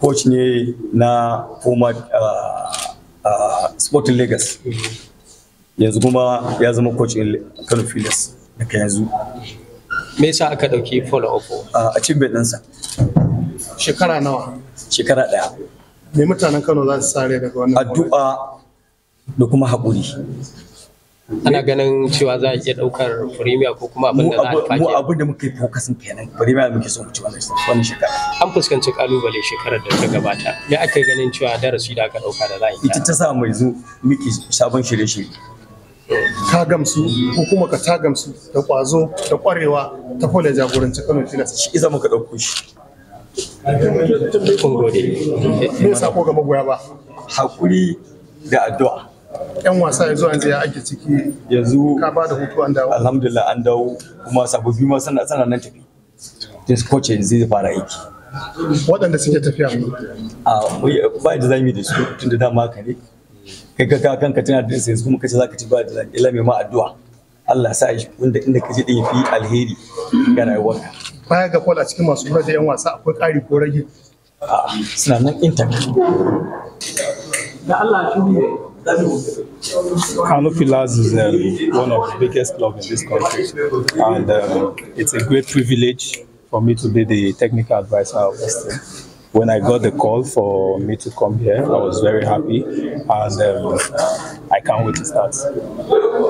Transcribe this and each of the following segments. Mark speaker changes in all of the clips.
Speaker 1: coach ne na former ah, ah, sporting lagos yanzu kuma ya zama coach in kano filas daga yanzu me yasa aka dauki follow up ah, a cibiyar ɗinsa shekara nawa shekara ɗaya me mutanen kano za su sare daga wannan addu'a da kuma haƙuri
Speaker 2: ana ganin cewa za a iya daukar premier ko kuma abin da za a fage
Speaker 1: mu abin da muke focusing kenan premier muke so mu ci wannan shekara
Speaker 2: an fuskanci kalubale shekarar da ta gabata me ake ganin cewa darasi da aka dauka da za a yi ita
Speaker 1: ta sa mai zo miki sabon shirye-shirye ka gamsu ko kuma ka ta gamsu da kwazo da kwarewa ta kola jagoranci Kano Tilas shi iza muka dauko shi kun gode me sako ga magoya ba hakuri da addu'a yan wasa yanzu yanzu ya ake ciki yanzu ka ba da hutu an dawo alhamdulillah an dawo kuma sababbi ma sana sana nan tafi this coach yanzu zai fara aiki waɗanda suke tafiya mu a ba da zamu da su tunda dama haka ne kai ka ka kanka tana da sai kuma kace zaka ci ba da ila mai ma addu'a Allah sa shi inda inda kaje din fi alheri ga rayuwarka baya ga kola cikin masu kula da yan wasa akwai ƙari ko rage
Speaker 2: suna nan intact da Allah shi ne Canopy is um, one of the biggest clubs in this country, and um, it's a great privilege for me to be the technical advisor of Western. When I got the call for me to come here, I was very happy, and um, I can't wait to start.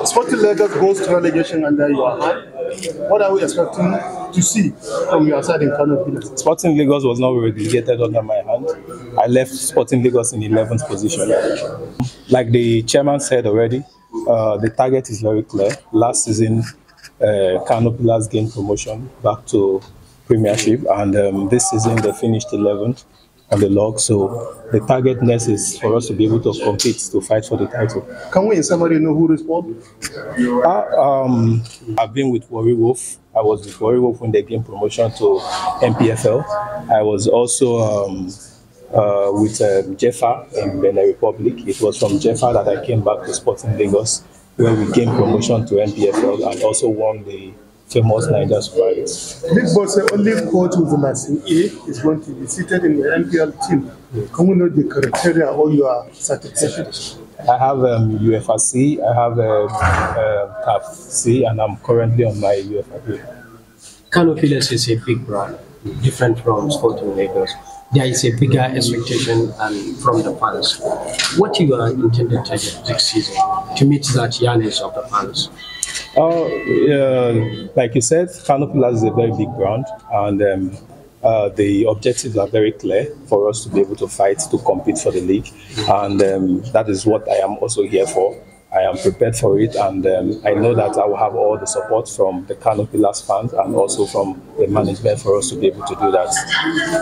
Speaker 2: Sporting Lagos goes to relegation, under your hand.
Speaker 1: What are we expecting to see from your side in Canopy?
Speaker 2: Sporting Lagos was not relegated under my hand. I left Sporting Lagos in 11th position. Like the chairman said already, uh, the target is very clear. Last season, uh, Kano Pillars gained promotion back to Premiership, and um, this season they finished 11th on the log. So the target next is for us to be able to compete to fight for the title. Can we, in summary, know who responded? Uh, um, I've been with Warri Wolf. I was with Warri Wolf when they gained promotion to MPFL. I was also um, uh, with um, Jeffa in Benin Republic. It was from Jeffa that I came back to Sporting Lagos, where we gained promotion to MPFL and also won the famous Niger Sprites.
Speaker 1: Big Boss, the only coach with Masin A is going to be seated in the
Speaker 2: NPL team. Can you know the criteria or your certification? I have um, UFRC, I have um, uh, and I'm currently on my UFRC. Canopy is a big brand different from Sporting Lagos. There is a bigger expectation um, from the fans. What you are intended to do next season to meet that yearnings of the fans? Oh, uh, like you said, Canopy is a very big brand, and um, uh, the objectives are very clear for us to be able to fight to compete for the league, and um, that is what I am also here for. I am prepared for it, and um, I know that I will have all the support from the Canopy Last Fund and also from the management for us to be able to do that.